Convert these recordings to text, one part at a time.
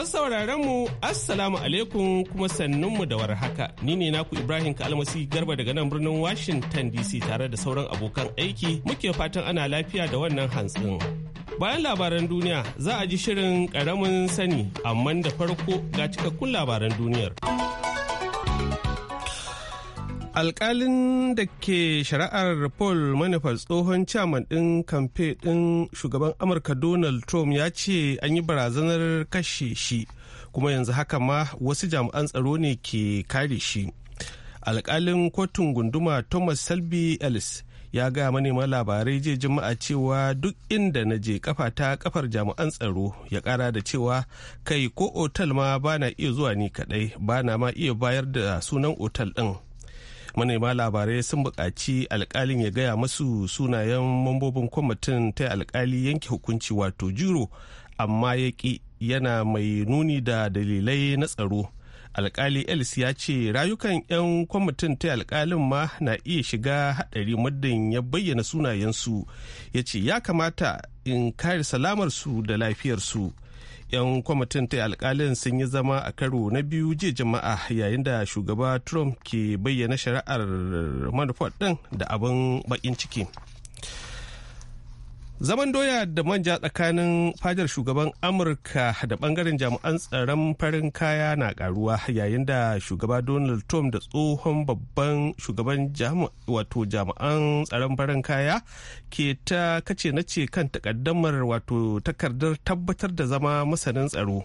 Masu sauraron mu Assalamu alaikum kuma sannun mu da warhaka. Ni ne naku Ibrahim Kalmasi Garba daga nan birnin Washington DC tare da sauran abokan aiki muke fatan ana lafiya da wannan hantsin. Bayan labaran duniya za a ji shirin karamin sani amma da farko ga cikakkun labaran duniyar. alkalin da ke shari'ar paul manifest tsohon chairman ɗin kamfe ɗin shugaban amurka donald trump ya ce an yi barazanar kashe shi kuma yanzu haka ma wasu jami'an tsaro ne ke kare shi alkalin kotun gunduma thomas selby ellis ya ga manema labarai je juma'a cewa duk inda na je kafa ta kafar jami'an tsaro ya kara da cewa kai ko otal ma bana iya zuwa ni kadai bana ma iya bayar da sunan otal ɗin manema labarai sun buƙaci alkalin ya gaya masu sunayen mambobin kwamitin ta alkali yanke hukunci wato juro amma ya ƙi yana mai nuni da dalilai na tsaro alkali els ya ce rayukan 'yan kwamitin ta alkalin ma na iya shiga haɗari muddin ya bayyana sunayensu ya ce ya kamata in kare salamarsu da lafiyarsu 'yan kwamitin ta alkalin sun yi zama a karo na biyu jiya jama'a yayin da shugaba trump ke bayyana shari'ar manufar ɗin da abin bakin ciki zaman doya da manja tsakanin fadar shugaban amurka da bangaren jami'an tsaron farin kaya na karuwa yayin da shugaba donald trump da tsohon babban shugaban wato jami'an tsaron farin kaya ke ta kace na ce kan takaddamar wato takardar tabbatar da zama masanin tsaro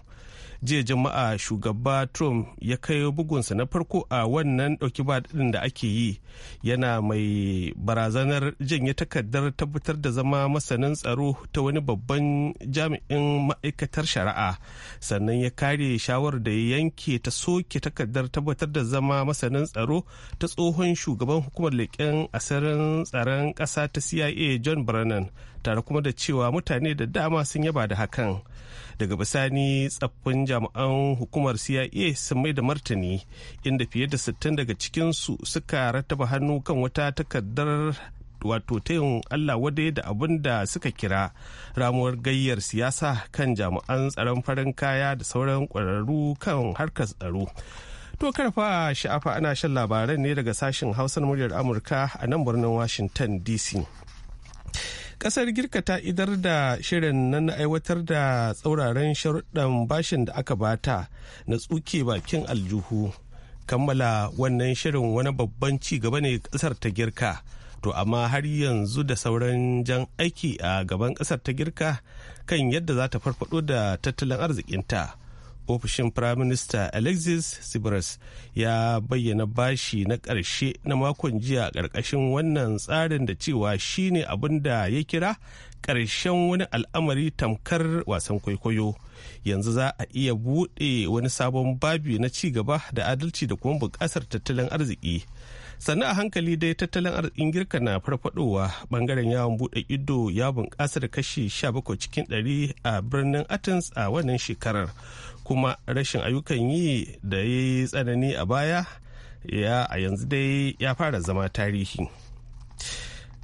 jiya jama'a shugaba trump ya kai bugunsa na farko a wannan dauki ba ɗin da ake yi yana mai barazanar janye takardar tabbatar da zama masanin tsaro ta wani babban jami'in ma'aikatar shari'a sannan ya kare shawarar da ya yanke ta soke takardar tabbatar da zama masanin tsaro ta tsohon shugaban hukumar leƙen asirin tsaron ƙasa ta cia john brennan tare kuma da cewa mutane da dama sun yaba da hakan daga bisani tsaffin jami'an hukumar cia sun mai da martani inda fiye da 60 daga cikinsu suka rattaba hannu kan wata takardar wato tayin allah wadai da abin da suka kira ramuwar gayyar siyasa kan jami'an tsaron farin kaya da sauran kwararru kan harkar tsaro To karfa sha'afa ana shan labaran ne daga sashen hausan muryar Amurka a nan birnin Washington DC. kasar girka ta idar da shirin nan na aiwatar da tsauraran sharuɗan bashin da aka bata na tsuke bakin aljihu kammala wannan shirin wani babban ci gaba ne kasar ta girka to amma har yanzu da sauran jan aiki a gaban kasar ta girka kan yadda za ta farfado da tattalin arzikinta ofishin firaminista alexis tsibiris ya bayyana bashi na ƙarshe na makon jiya ƙarƙashin wannan tsarin da cewa shine abin da ya kira ƙarshen wani al'amari tamkar wasan kwaikwayo yanzu za a iya buɗe wani sabon babi na ci gaba da adalci da kuma buƙasar tattalin arziki sannan a hankali dai tattalin arzikin girka na farfadowa bangaren yawon bude ido ya bunƙasa da kashi 17 cikin 100 a birnin athens a wannan shekarar kuma rashin ayyukan yi da ya yi tsanani a baya ya a yanzu dai ya fara zama tarihi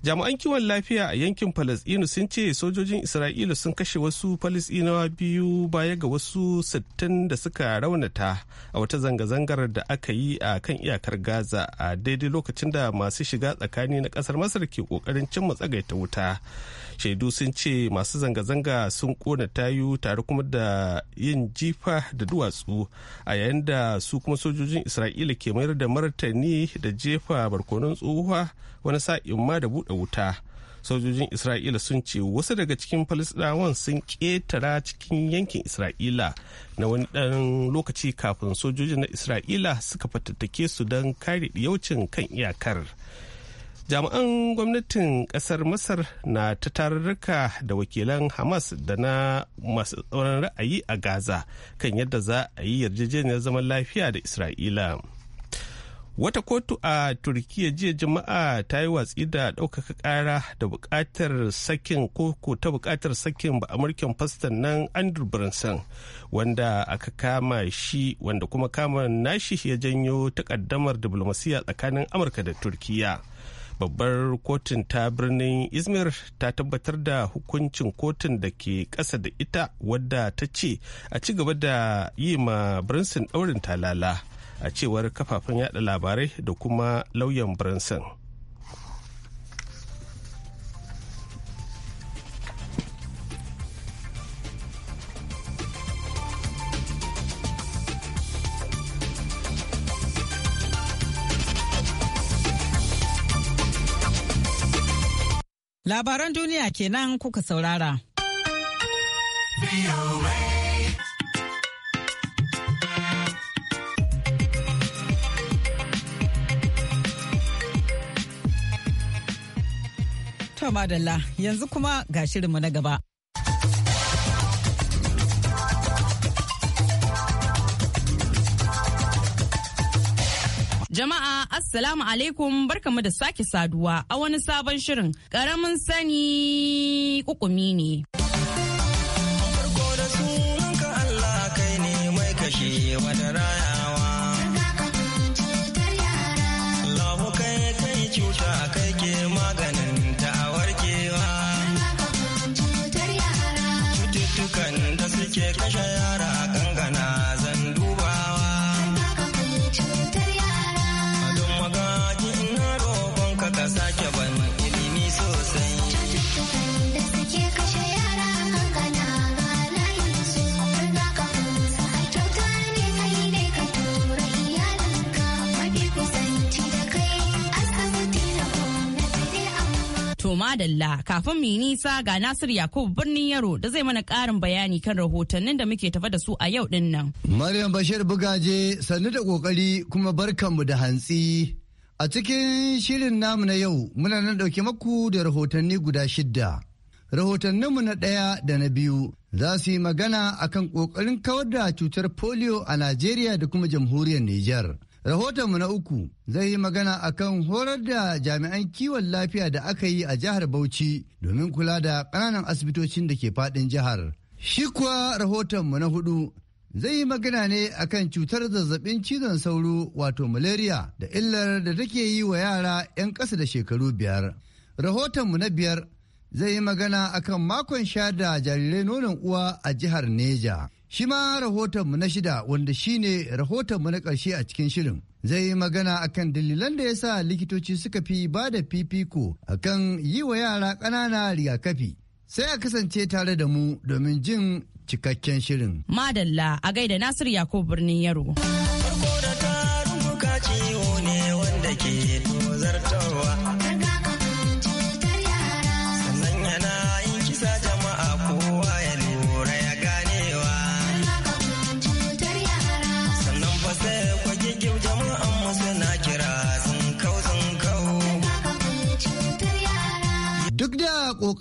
jami'an kiwon lafiya a yankin falasɗinu sun ce sojojin isra'ila sun kashe wasu falasɗinawa biyu baya ga wasu 60 da suka raunata a wata zanga-zangar da aka yi a kan iyakar gaza a daidai lokacin da masu shiga tsakani na kasar masar ke kokarin cimma matsagaita wuta shaidu sun ce masu zanga-zanga sun kona tayu tare kuma da yin jifa da duwatsu a yayin da su kuma sojojin isra'ila ke mayar da martani da jefa barkonon tsohuwa wani sa'in ma da buɗe wuta sojojin isra'ila sun ce wasu daga cikin falisdawan sun ƙetara cikin yankin isra'ila na wani ɗan lokaci kafin sojojin na isra'ila suka fatattake su don kare kan iyakar jami'an gwamnatin kasar masar na ta tarurruka da wakilan hamas da na masu tsoron ra'ayi a gaza kan yadda za a yi yarjejeniyar zaman lafiya da isra'ila wata kotu a turkiya jiya juma'a ta yi watsi da ɗaukaka ƙara da buƙatar sakin koko ta buƙatar sakin ba amurken fastan nan andrew branson wanda aka kama shi wanda kuma kama nashi ya janyo takaddamar diplomasiya tsakanin amurka da turkiya babbar kotun ta birnin izmir ta tabbatar da hukuncin kotun da ke ƙasa da ita wadda ta ce a ci gaba da yi ma brinson ɗaurin talala a cewar kafafen yada labarai da kuma lauyan brinson Labaran duniya kenan kuka saurara. To yanzu kuma ga shirinmu na gaba. assalamu alaikum barkamu da sake saduwa a wani sabon shirin karamin sani kukumi ne. Farko da sunanka Allah kai ne mai kashe wata raya. madalla kafin mu yi nisa ga Nasir Yakubu birnin Yaro da zai mana karin bayani kan rahotannin da muke tafa da su a yau din nan. Maryam Bashir Bugaje sannu da kokari kuma barkanmu da hantsi. A cikin shirin namu na yau muna nan ɗauke maku da rahotanni guda shidda. Rahotanninmu na ɗaya da na biyu za su yi magana akan kokarin kawar da cutar polio a Najeriya da kuma jamhuriyar Nijar. Rahotonmu na uku zai yi magana a kan horar da jami'an kiwon lafiya da aka yi a jihar Bauchi domin kula da ƙananan asibitocin da ke faɗin jihar. Shi kuwa rahotonmu na hudu zai yi magana ne a kan cutar zazzabin cizon sauro wato malaria da illar da take yi wa yara 'yan ƙasa da shekaru biyar. Rahotonmu na biyar zai yi magana a kan makon sha da jarirai nonon uwa a jihar Neja. Shi ma mu na shida wanda shi shine mu na ƙarshe a cikin shirin zai yi magana akan dalilan da ya sa likitoci suka fi ba da fifiko akan yi wa yara ƙanana rigakafi. Sai a kasance tare da mu domin jin cikakken shirin. Madalla a gaida Nasir Yakubu birnin Yaro. Farko da ciwo ne wanda ke zartawa.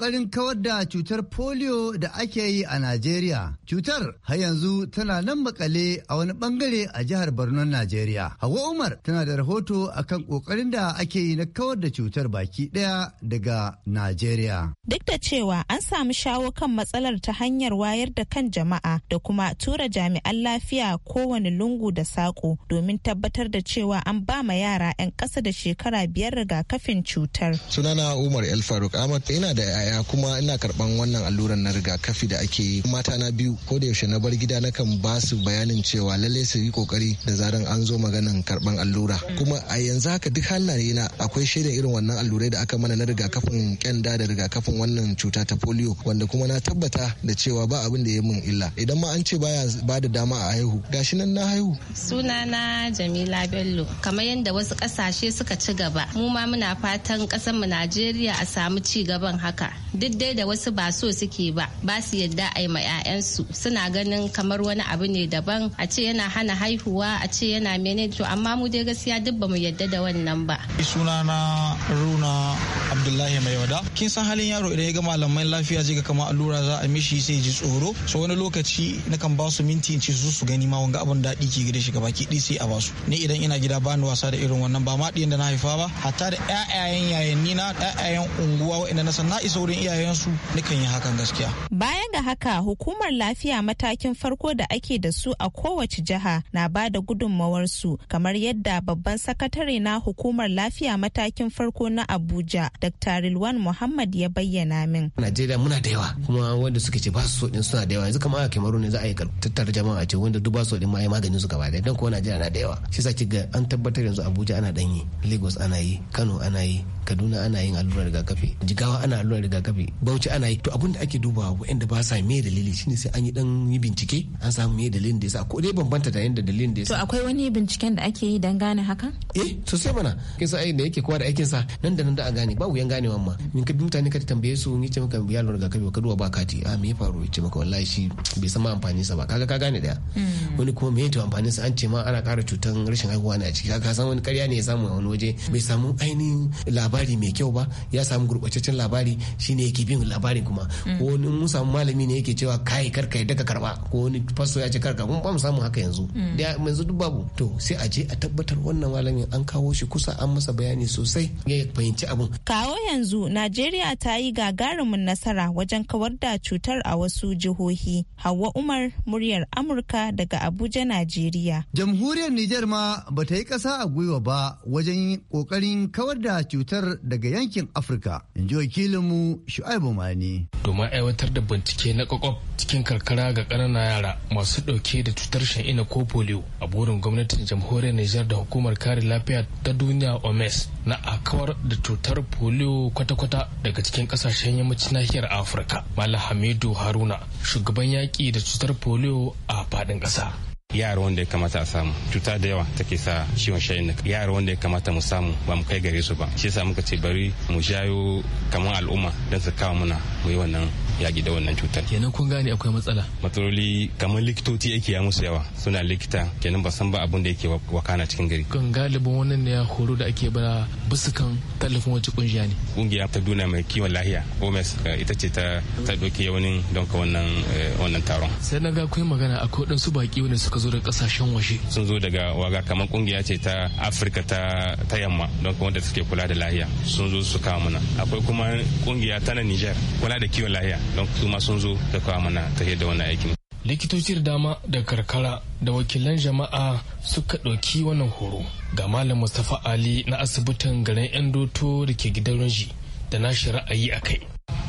ƙoƙarin kawar da cutar polio da ake yi a Najeriya. Cutar har yanzu tana nan makale a wani bangare a jihar Borno Najeriya. Hawa Umar tana da rahoto akan kokarin da ake yi na kawar da cutar baki daya daga Najeriya. Duk da cewa an samu shawo kan matsalar ta hanyar wayar da kan jama'a da kuma tura jami'an lafiya kowane lungu da sako domin tabbatar da cewa an ba ma yara 'yan ƙasa da shekara biyar rigakafin cutar. Sunana Umar El Faruk Ahmad ina da yaya kuma ina karɓan wannan alluran na rigakafi da ake yi. Mata biyu ko da yaushe na bar gida na kan ba su bayanin cewa lallai su yi kokari da zaran an zo maganan karban allura mm. kuma a yanzu haka duk halaye na akwai shaidan irin wannan allurai da aka mana na rigakafin kyanda da rigakafin wannan cuta ta polio wanda kuma na tabbata da cewa ba abin da ya mun illa idan ma an ce baya ba da dama a haihu gashi nan na haihu sunana jamila bello kamar yadda wasu kasashe suka ci gaba mu ma muna fatan kasar mu najeriya a samu ci gaban haka duk dai da wasu ba so suke ba ba su yadda a yi ma 'ya'yansu suna ganin kamar wani abu ne daban a ce yana hana haihuwa a ce yana mene to amma mu dai gaskiya duk ba mu yadda da wannan ba sunana runa abdullahi mai wada kin san halin yaro idan ya ga malamai lafiya zai ga kamar allura za a mishi sai ji tsoro so wani lokaci na kan ba su minti in ce su su gani ma wanga abin daɗi ke gida shi gabaki ɗi sai a ba su ni idan ina gida ba ni wasa da irin wannan ba ma ɗiyan da na haifa ba hatta da ƴaƴayen yayan ni ƴaƴayen unguwa waɗanda na san na isa wurin iyayensu nukan yi hakan gaskiya. Bayan ga haka hukumar lafiya matakin farko da ake da su a kowace jiha na ba da gudunmawarsu kamar yadda babban sakatare na hukumar lafiya matakin farko na Abuja Dr. Rilwan Muhammad ya bayyana min. Najeriya muna da yawa kuma wanda suke ce ba su soɗin suna da yawa yanzu kamar a Kemaru ne za a yi tattara jama'a ce wanda duk ba su soɗin ma ya magani su gaba ɗaya don kuwa Najeriya na da yawa shi sa ga an tabbatar yanzu Abuja ana ɗanyi Lagos ana yi Kano ana yi Kaduna ana yin allurar rigakafi Jigawa ana allurar rigakafi kabe Bauchi ana yi to da ake dubawa waɗanda ba sa me dalili shine sai an yi dan yi bincike an samu me dalilin da yasa ko dai bambanta da yanda dalilin da yasa to akwai wani binciken da ake yi dan gane haka eh to sai mana kisa ai da yake kowa da aikin sa nan da nan da a gane ba wuyan ganewa ma min ka mutane ka tambaye su ni ce maka yaro daga kabi ka duwa ba kati a ah, me ya faru ce maka wallahi shi bai san ma amfani sa ba kaga ka gane daya hmm. wani kuma me ya amfanin sa an ce ma ana kara cutan rashin haihuwa ne a ciki kaga san wani ƙarya ne ya samu a wani waje bai samu ainihin labari mai kyau ba ya samu gurɓataccen labari shine ne yake bin labarin kuma ko wani mun malami ne yake cewa kai kar kai daga karba ko wani fasto ya ce kar ka mun ba mu samu haka yanzu mm. yanzu duk babu to sai a je a tabbatar wannan malamin an kawo shi kusa an masa bayani sosai ya fahimci abin kawo yanzu Najeriya ta yi gagarumin nasara wajen kawar da cutar a wasu jihohi Hauwa Umar muryar Amurka daga Abuja Najeriya Jamhuriyar Nijar ma bata yi kasa a gwiwa ba wajen kokarin kawar da cutar daga yankin Afirka in ji wakilinmu Shu'aibu Mani. Domin aiwatar da bincike na kwakwaf cikin karkara ga ƙananan yara masu ɗauke da cutar shan'ina ko polio a burin gwamnatin jamhuriyar Nijar da hukumar kare lafiya ta duniya Omes, na akawar da cutar polio kwata-kwata daga cikin ƙasashen yammacin nahiyar Afirka. Malam Hamidu Haruna shugaban yaƙi da cutar polio a faɗin ƙasa. yara wanda ya kamata a samu cuta da yawa take sa ciwon shayin da yara wanda ya kamata mu samu ba mu kai gare su ba shi yasa muka ce bari mu jayo kamar al'umma don su kawo muna mu yi wannan yaƙi da wannan cutar kenan kun gane akwai matsala matsaloli kamar likitoci yake ya musu yawa suna likita kenan ba san ba abin da yake wakana cikin gari kan galibin wannan ne ya horo da ake bara bisa tallafin wata kungiya ne kungiya ta duna mai kiwon lahiya OMS eh, ita ce ta ta doke wani don ka wannan eh, wannan taron sai na ga akwai magana akwai su baƙi wanda suka zo daga kasashen waje sun zo daga waga kamar kungiya ce ta afirka ta ta yamma don wanda suke kula da lahiya sun zo su kawo mana akwai kuma kungiya ta na niger kula da kiwon lahiya don su ma sun zo da kawo mana ta yadda wannan aikin likitoci da dama da karkara da wakilan jama'a suka ɗauki wannan horo ga malam mustapha ali na asibitin garin yan doto da ke gidan ranji da nashi ra'ayi a kai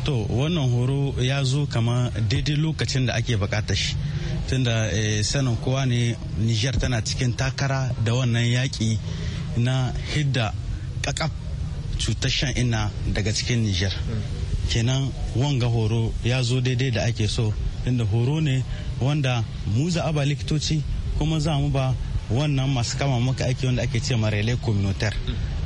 to wannan horo ya zo kama daidai lokacin da ake bukatar shi tunda eh, sanin kowa ne niger tana cikin takara da wannan yaƙi na hidda ƙaƙaf cutar shan ina daga cikin niger kenan wanga horo ya zo daidai da ake so inda horo ne wanda mu ba likitoci kuma za mu ba wannan masu kama maka aiki wanda ake ce marele communautaire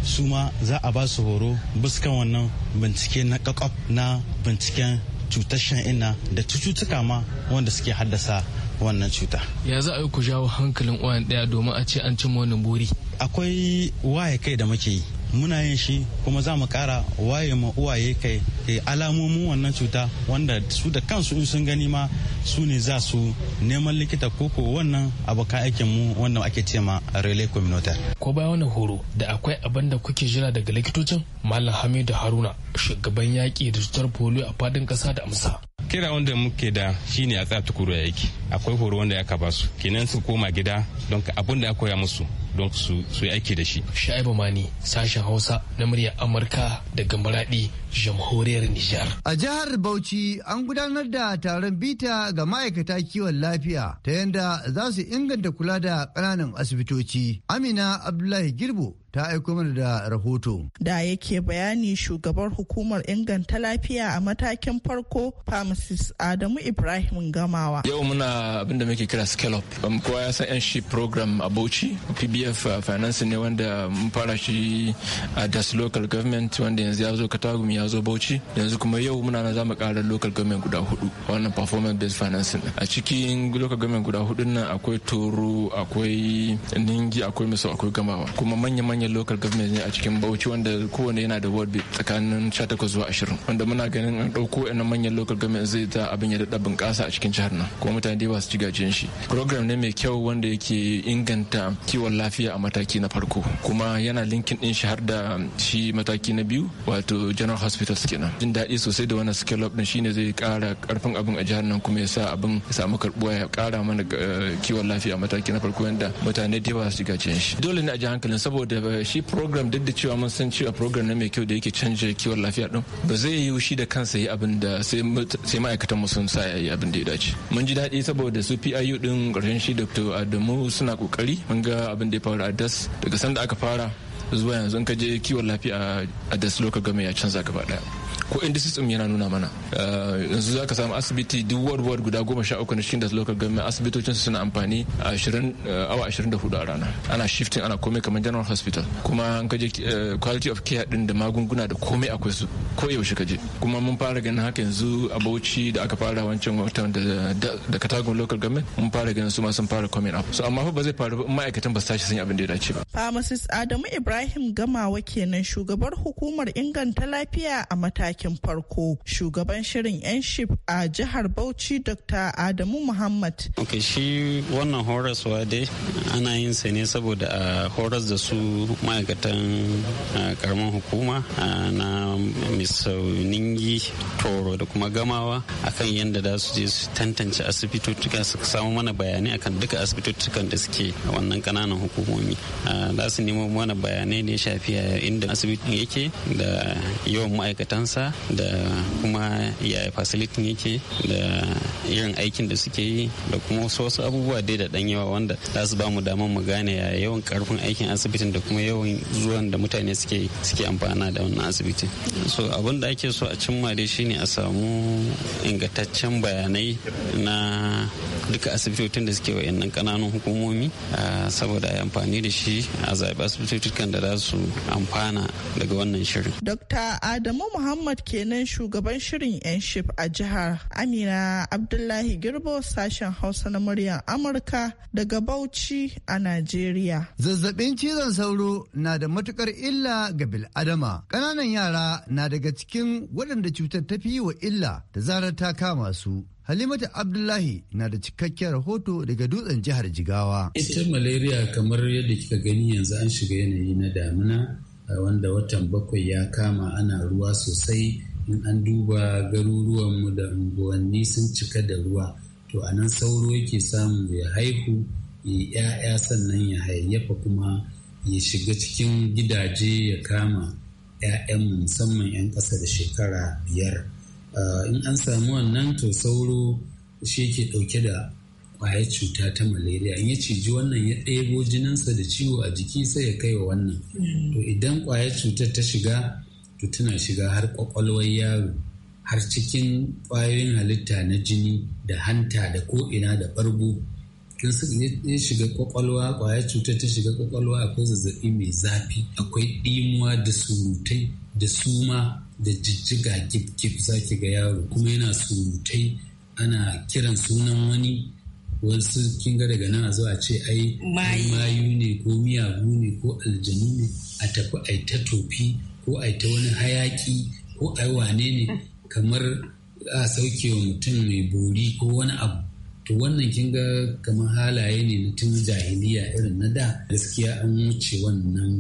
su ma za a ba su horo buskan wannan bincike na kakaf na binciken cutar shan ina da cututtuka ma wanda suke haddasa wannan cuta ya za a yi ku jawo hankalin uwan ɗaya domin a ce an cimma wannan buri akwai waye kai da muke yi muna yin shi kuma za mu kara waye ma uwaye kai alamomin wannan cuta wanda su da kansu in sun gani ma su ne za su neman likita koko wannan abokan aikin mu wannan ake ce ma relay communautaire ko bayan wani horo da akwai abin da kuke jira daga likitocin malam hamidu haruna shugaban yaƙi da cutar polio a fadin ƙasa da amsa kira wanda muke da shine a tsaya tukuru ya aiki akwai horo wanda ya kaba basu kenan su koma gida don abin da ya koya musu don su yi aiki da shi. Sha'ibu Mani sashen Hausa na murya Amurka daga Maradi jamhuriyar Nijar. A jihar Bauchi an gudanar da taron bita ga ma'aikata kiwon lafiya ta yadda za su inganta kula da ƙananan asibitoci. Amina Abdullahi Girbo ta aiko mana da rahoto. Da yake bayani shugabar hukumar inganta lafiya a matakin farko pharmacist Adamu Ibrahim Gamawa. Yau muna abin muke kira scallop. Kowa ya san 'yan shi program a Bauchi, PBS PDF uh, finance ne wanda mun fara shi a uh, das local government wanda yanzu ya zo katagum ya zo bauchi yanzu kuma yau muna na zamu kara local government guda hudu wannan performance based financing a cikin local government guda hudun nan akwai toro akwai ningi akwai miso akwai gamawa kuma manya-manyan local government ne a cikin bauchi wanda kowane yana da ward tsakanin 18 zuwa 20 wanda muna ganin an dauko ina manyan local government zai ta abin ya daɗa bunƙasa a cikin jihar nan kuma mutane da ba su ci gajiyan shi program ne mai kyau wanda yake inganta kiwon lafiya lafiya a mataki na farko kuma yana linkin din shi har da shi mataki na biyu wato general hospitals kenan jin daɗi sosai da wannan scale up din shine zai ƙara ƙarfin abin a jihar nan kuma ya sa abin ya samu karɓuwa ya ƙara mana eh, kiwon lafiya a mataki na farko yanda mutane da yawa su ga cikin shi dole ne a ji hankalin saboda eh, shi program duk da cewa mun san cewa program na mai kyau da yake canja kiwon lafiya din ba zai yi shi da kansa yi abin da sai ma'aikatan mu sun sa ya yi abin da ya dace mun ji daɗi saboda su PIU din ƙarshen shi Dr. Adamu suna ƙoƙari mun ga abin da ya fara a das daga sanda aka fara zuwa yanzu in ka je kiwon lafiya a das lokacin game ya canza gaba daya ko inda system yana nuna mana eh, yanzu za ka samu asibiti duk ward ward guda goma sha uku na cikin da local government asibitocin suna amfani a eh, awa ashirin da hudu a rana ana shifting ana komai kamar general hospital kuma an kaje eh, quality of care din da magunguna da komai akwai su ko yaushe kaje kuma mun fara ganin haka yanzu a bauchi da aka fara wancan watan da katagun local government mun fara ganin su ma sun fara coming up so amma fa ba zai faru ba ma'aikatan ba su tashi sun yi abin da ya dace ba pharmacist adamu ibrahim gamawa kenan shugabar hukumar inganta lafiya a mataki matakin farko shugaban shirin yanship a jihar bauchi dr adamu muhammad ok shi wannan horaswa dai ana yin sa ne saboda a horas da su ma'aikatan karamin hukuma na misauningi toro da kuma gamawa akan yadda za su je su tantance asibitocika su samu mana bayanai akan duka asibitocikan da suke wannan kananan hukumomi za su nemo mana bayanai ne shafiya shafi inda asibitin yake da yawan ma'aikatansa da kuma yaya ne yake da irin aikin da suke yi da kuma wasu wasu abubuwa dai da dan yawa wanda za su ba mu damar mu gane ya yawan karfin aikin asibitin da kuma yawan zuwan da mutane suke suke amfana da wannan asibitin so abin da ake so a cimma dai shine a samu ingantaccen bayanai na duka asibitocin da suke wayannan kananan hukumomi saboda a amfani da shi a zaɓi asibitocin da za su amfana daga wannan shirin. Dr. Adamu Muhammad Ahmad kenan shugaban shirin 'yan ship a jihar Amina Abdullahi Girbo sashen Hausa na muryar Amurka daga Bauchi a Najeriya. Zazzabin cizon sauro na da matukar illa ga bil'adama. Ƙananan yara na daga cikin waɗanda cutar ta fi wa illa da zarar ta kama su. Halimatu Abdullahi na da cikakken rahoto daga dutsen jihar Jigawa. Ita malaria kamar yadda kika gani yanzu an shiga yanayi na damina Eh, wanda watan bakwai ya kama ana ruwa sosai in an duba garuruwanmu da unguwanni sun cika da ruwa to a nan sauro yake samu ya haihu ya ‘ya'ya sannan ya hayayyafa kuma ya shiga cikin gidaje ya kama ‘ya'yanmu musamman ‘yan ƙasa da shekara biyar eh, in an samu wannan to sauro shi ke ɗauke da kwayar cuta ta malaria in ya ciji wannan ya ɗebo jininsa da ciwo a jiki sai ya kai wa wannan mm. to idan kwayar cutar ta shiga to tana shiga har kwakwalwar yaro har cikin kwayoyin halitta na jini da hanta da ko'ina da ɓargo ya shiga kwakwalwa kwayar cutar ta shiga kwakwalwa akwai zazzabi mai zafi akwai ɗimuwa da surutai da suma da jijjiga gif-gif zaki ga yaro kuma yana surutai ana kiran sunan wani wasu kin ga daga nan a zuwa ce ai mayu ne ko miyagu ne ko aljanu ne a tafi ai ta tofi ko ai ta wani hayaki ko ai wane ne kamar a sauke wa mutum mai bori ko wani abu to wannan kin ga kamar halaye ne na tun jahiliya irin na da gaskiya an wuce wannan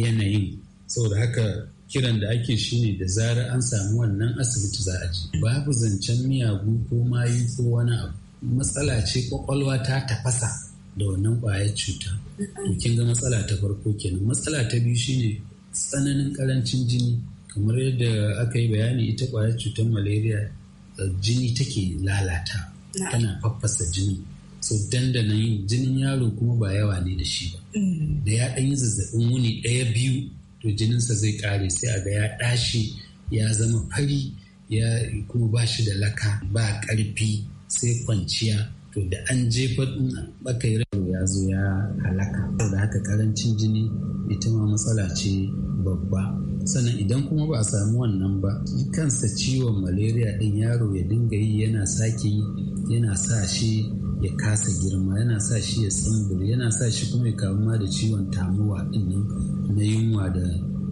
yanayin saboda haka kiran da ake shi ne da zarar an samu wannan asibiti za a ji babu zancen miyagu ko mayu ko wani abu matsala ce kwakwalwa ta tafasa da wannan ƙwayar cuta to kin ga matsala ta farko kenan matsala ta biyu shine tsananin ƙarancin jini kamar yadda aka yi bayani ita ƙwayar cutar malaria eh, jini take lalata tana faffasa jini so dandana yin jinin yaro kuma ba yawa ne da shi ba mm. da ya ɗan yi zazzabin wuni ɗaya biyu to jininsa zai ƙare sai a ga ya ɗashi ya zama fari ya kuma ba shi da laka ba ƙarfi sai kwanciya to da an jefa bakai ya zo ya halaka da haka karancin jini ita ma matsala ce babba sannan idan kuma ba a samu wannan ba kansa ciwon malaria din yaro ya dinga yi yana sake yi yana sa shi ya kasa girma yana sa shi ya tsumbur yana sa shi kuma ya kamu ma da ciwon tamuwa din nan na yunwa da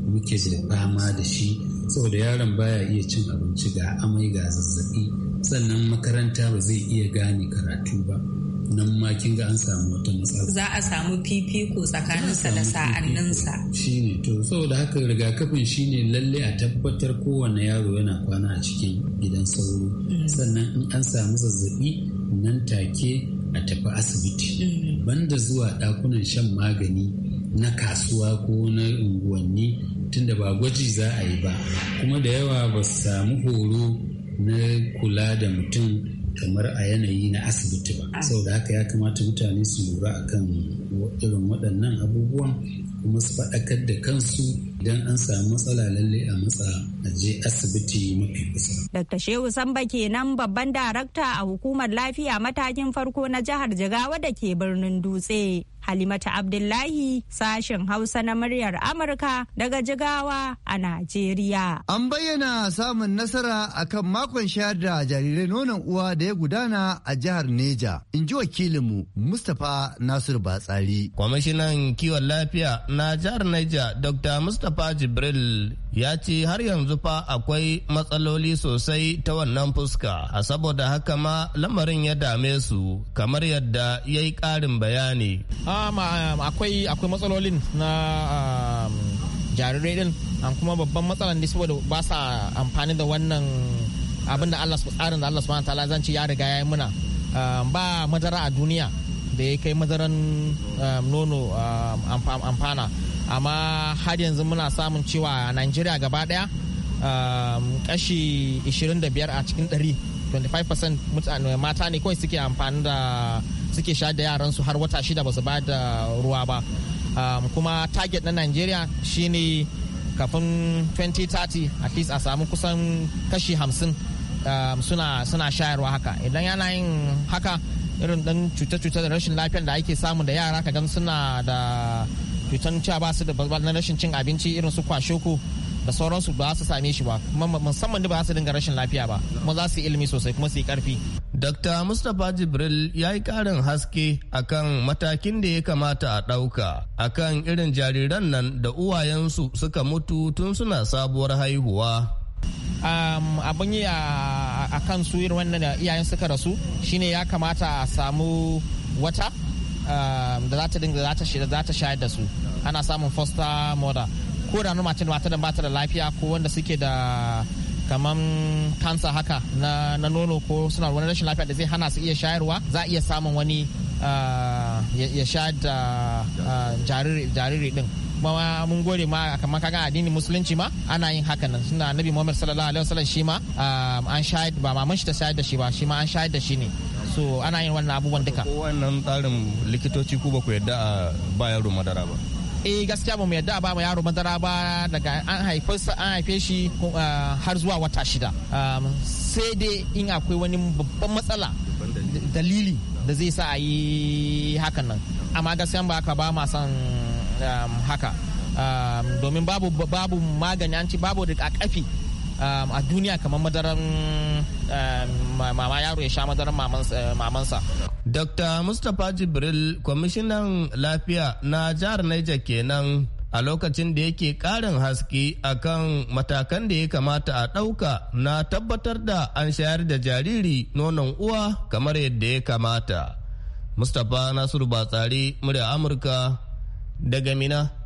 muke da fama da shi saboda yaron baya iya cin abinci ga amai ga zazzaɓi. sannan makaranta ba zai iya gane karatu ba nan ma kin ga an samu wata matsala za a samu fifiko tsakaninsa da sa'anninsa shine to saboda haka rigakafin shine lalle a tabbatar kowane yaro yana kwana a cikin gidan sauro mm. sannan in an samu zazzabi nan take a tafi asibiti mm. banda zuwa dakunan shan magani na kasuwa ko na unguwanni tunda ba gwaji za a yi ba kuma da yawa ba su samu horo na kula da mutum kamar a yanayi na asibiti ba ah. saboda haka ya kamata mutane su lura akan irin waɗannan abubuwan kuma su faɗakar da kansu idan an samu matsala lalle a matsa a je asibiti mafi kusa. Dr. Shehu Samba kenan babban darakta a hukumar lafiya matakin farko na jihar Jigawa da ke birnin Dutse. Halimata Abdullahi sashen Hausa na muryar Amurka daga Jigawa a Najeriya. An bayyana samun nasara a kan makon shayar da jarirai nonon uwa da ya gudana a jihar Neja, in ji wakilinmu Mustapha Nasir Batsari. Kwamishinan kiwon lafiya na jihar Neja Dr. Mustapha Jibril ya ce har yanzu fa akwai matsaloli sosai ta wannan fuska a saboda haka ma lamarin ya dame su kamar yadda ya yi ƙarin bayani. akwai matsalolin na um, jarirai din kuma babban matsalan ne saboda ba sa amfani da wannan abin da Allah tsarin da Allah subhanahu ta'ala zan ci ya riga ya muna um, ba madara a duniya da ya kai madaran um, nono amfana amma har yanzu muna samun cewa a Najeriya gaba daya kashi 25 a cikin 100 25% mutane mata ne kawai suke amfani da suke sha da yaran su har wata shida ba su ba da ruwa ba um, kuma target na Najeriya shine kafin 2030 at least a samu kusan kashi 50 um, suna suna shayarwa haka idan yana yin haka irin dan cuta cuta da rashin lafiyar da ake samu da yara ka gan suna da cutan cewa ba su da na rashin cin abinci irin su kwashoko da sauransu ba su same shi ba musamman da ba su dinga rashin lafiya ba kuma za su yi ilimi sosai kuma su yi karfi Dr. Mustapha Jibril ya yi karin haske akan matakin da ya kamata a ɗauka akan irin jariran nan da uwayensu suka mutu tun suna sabuwar haihuwa. Um, abin yi a, a kan su irin wannan da iyayen suka rasu shine ya kamata a samu wata um, da za ta dinga za ta shayar da su ana samun foster mother ko da mace da mata da bata da lafiya ko wanda suke da kamar kansa haka na, nono ko suna wani rashin lafiya da zai hana su iya shayarwa za a iya samun wani ah, ya sha da ah, jariri din kuma mun gode ma kamar kaga addinin musulunci ma ana yin haka nan suna nabi muhammad sallallahu alaihi wasallam shi ma ah, an shayar ba maman shi ta shayar da shi ba shi ma an shayar da shi ne so ana yin wannan abubuwan duka ko wannan tsarin likitoci ku ba ku yadda a ba yaro madara ba eh gaskiya ba mu yadda ba mu yaro madara ba daga an haife shi ah, har zuwa wata shida sai dai in akwai wani babban matsala dalili da zai sa a yi hakan nan amma gaskiya ba haka ba ma san haka domin babu babu magani an ci babu da kafi a duniya kamar madaran mama yaro ya sha madaran mamansa eh, Dr. Mustapha Jibril, kwamishinan lafiya na jihar Niger kenan a lokacin da yake ƙarin haske akan matakan da ya kamata a ɗauka na tabbatar da an shayar da jariri nonon uwa kamar yadda ya kamata. Mustapha Nasiru Batsari, murya Amurka, daga Mina.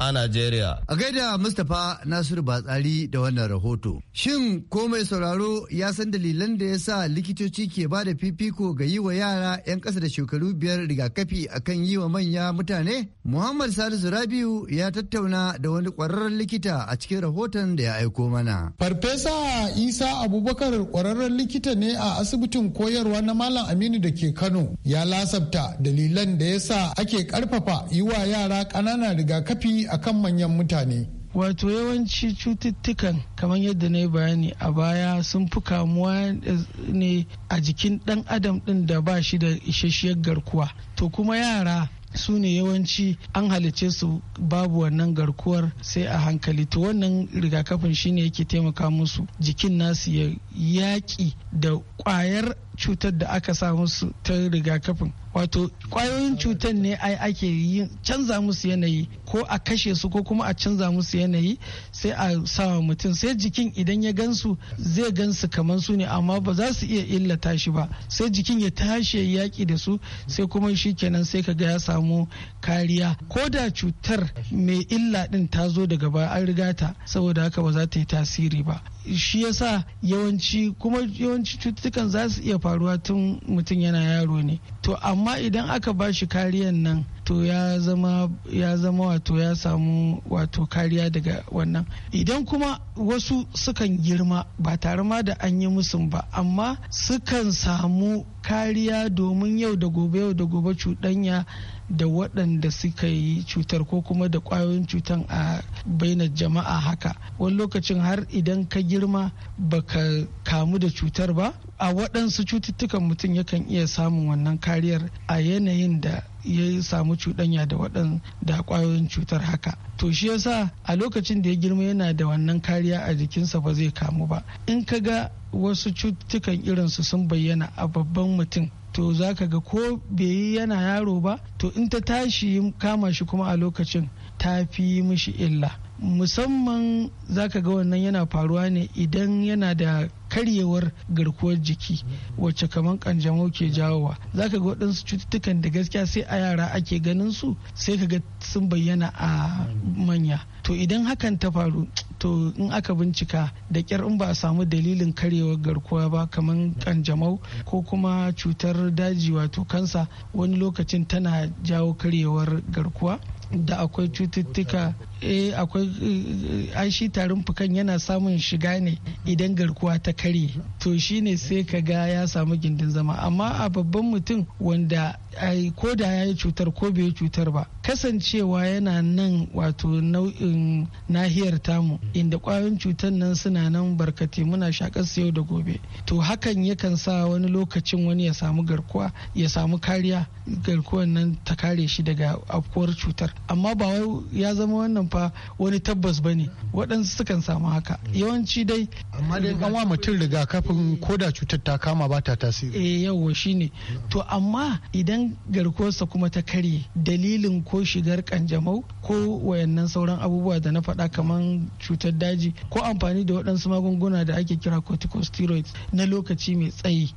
a Najeriya. A gaida Mustapha Nasiru Batsari da wannan rahoto. Shin ko mai sauraro ya san dalilan da ya sa likitoci ke ba da fifiko ga yi wa yara 'yan ƙasa da shekaru biyar rigakafi akan yi wa manya mutane? Muhammad Salisu Rabiu ya tattauna da wani ƙwararren likita a cikin rahoton da ya aiko mana. Farfesa Isa Abubakar ƙwararren likita ne a asibitin koyarwa na Malam Aminu da ke Kano ya lasafta dalilan da ya sa ake ƙarfafa yi wa yara ƙanana rigakafi akan manyan mutane wato yawanci cututtukan kamar yadda na yi bayani a baya sun fi kamuwa eh, ne a jikin ɗan adam ɗin da ba shi da isasshiyar garkuwa to kuma yara su ne yawanci an halice su babu wannan garkuwar sai a hankali to wannan rigakafin shine yake taimaka musu jikin nasu ya yaƙi da ƙwayar cutar da aka sa musu ta rigakafin wato ƙwayoyin cutar ne ai ake yin canza musu yanayi ko a kashe su ko kuma a canza musu yanayi sai a sawa mutum sai jikin idan ya gansu zai gansu kamar su ne amma ba za su iya illata shi ba sai jikin ya tashi yaƙi da su sai kuma shi kenan sai ka ga ya samu kariya ko da cutar mai illa din ta zo daga baya an riga ta saboda haka ba za ta yi tasiri ba shi yasa yawanci kuma yawanci cututtukan za su iya faruwa tun mutum yana yaro ne to amma idan aka ba shi kariyan nan to ya zama ya wato ya samu wato kariya daga wannan idan kuma wasu sukan girma ba tare ma da an yi musun ba amma sukan samu kariya domin yau da gobe yau da gobe cuɗanya da waɗanda suka yi cutar ko kuma da ƙwayoyin cutan a bainar jama'a haka wani lokacin har idan ka girma baka kamu da cutar ba a waɗansu cututtukan mutum yakan iya samun wannan kariyar a yanayin da ya samu cuɗanya da waɗan da ƙwayoyin cutar haka to shi yasa a lokacin da ya girma yana da wannan kariya a jikinsa ba zai kamu ba in ka ga wasu cututtukan irinsu sun bayyana a babban mutum to za ka ga ko bai yi yana yaro ba to in ta tashi kama shi kuma a lokacin ta fi mishi illa musamman za ka ga wannan yana faruwa ne idan yana da karyewar garkuwar jiki wacce kamar kanjamau ke jawowa ka ga waɗansu cututtukan da gaskiya sai a yara ake ganin su sai ka ga sun bayyana a manya to idan hakan ta faru to in aka bincika da ƙyar in ba a samu dalilin karyewar garkuwa ba kamar kanjamau ko kuma cutar daji wato kansa wani lokacin tana jawo karyewar garkuwa da akwai cututtuka eh akwai eh, an shi tarin fukan yana samun shiga ne idan garkuwa ta kare to shine sai ka ga ya samu gindin zama amma a babban mutum wanda ai ko da ya yi cutar ko bai cutar ba kasancewa yana nan wato nau'in nahiyar tamu inda kwayoyin cutar nan suna nan barkate muna shakar su yau da gobe to hakan yakan sa wani lokacin wani ya samu garkuwa ya samu kariya garkuwan nan ta kare shi daga afkuwar cutar amma ba wai ya zama wannan fa wani tabbas bane waɗansu sukan samu haka yawanci dai amma dai an wa mutum rigakafin koda cutar ta kama ba ta tasiri eh yawa shine to amma idan garkuwarsa kuma ta karye dalilin ko shigar kanjamau ko wayannan sauran abubuwa da na faɗa kamar cutar daji ko amfani da waɗansu magunguna da ake kira corticosteroids na lokaci mai tsayi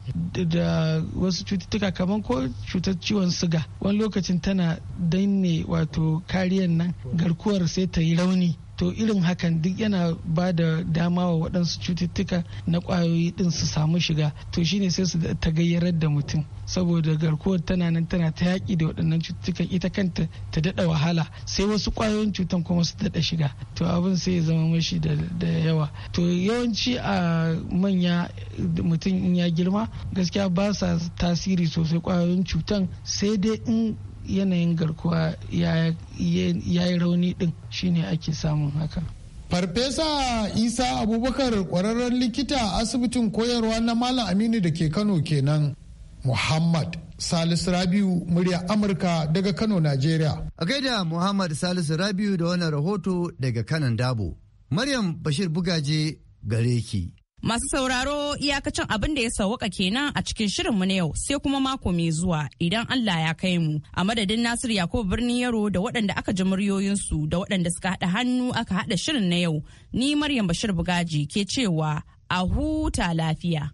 da wasu cututtuka kamar ko cutar ciwon siga wani lokacin tana danne wato kariyar nan garkuwar sai ta yi rauni to irin hakan duk yana ba da dama wa waɗansu cututtuka na ƙwayoyi ɗin su samu shiga to shine sai su ta gayyarar da mutum saboda garkuwar tana nan tana ta yaƙi da waɗannan cututtukan ita kanta ta daɗa wahala sai wasu ƙwayoyin cutan kuma su daɗa shiga to abin sai ya zama mashi da yawa to yawanci a manya mutum in ya girma gaskiya ba sa tasiri sosai ƙwayoyin cutan sai dai in yanayin garkuwa ya yi rauni din shine ake samun haka farfesa isa abubakar kwararren likita asibitin koyarwa na malam aminu da ke kano kenan muhammad salisu rabiu murya amurka daga kano nigeria a gaida muhammad salisu rabiu da wannan rahoto daga kanan dabo maryam bashir bugaje gare ki Masu sauraro iyakacin abin da ya sauwaka kenan a cikin shirin mu na yau sai kuma mako mai zuwa idan Allah ya kai mu. A madadin Nasir Yakubu birnin Yaro da waɗanda aka ji muryoyinsu da waɗanda suka haɗa hannu aka haɗa shirin na yau. Ni Maryam Bashir Bugaji ke cewa a huta lafiya.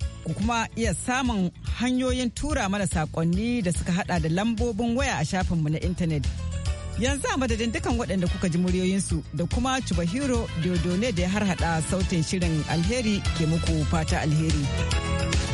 ku kuma iya samun hanyoyin tura mana sakonni da suka hada da lambobin waya a shafinmu na intanet. Yanzu a madadin dukan waɗanda kuka ji muryoyinsu da kuma Chubahiro Diodone da ya harhaɗa sautin shirin alheri ke muku fata alheri.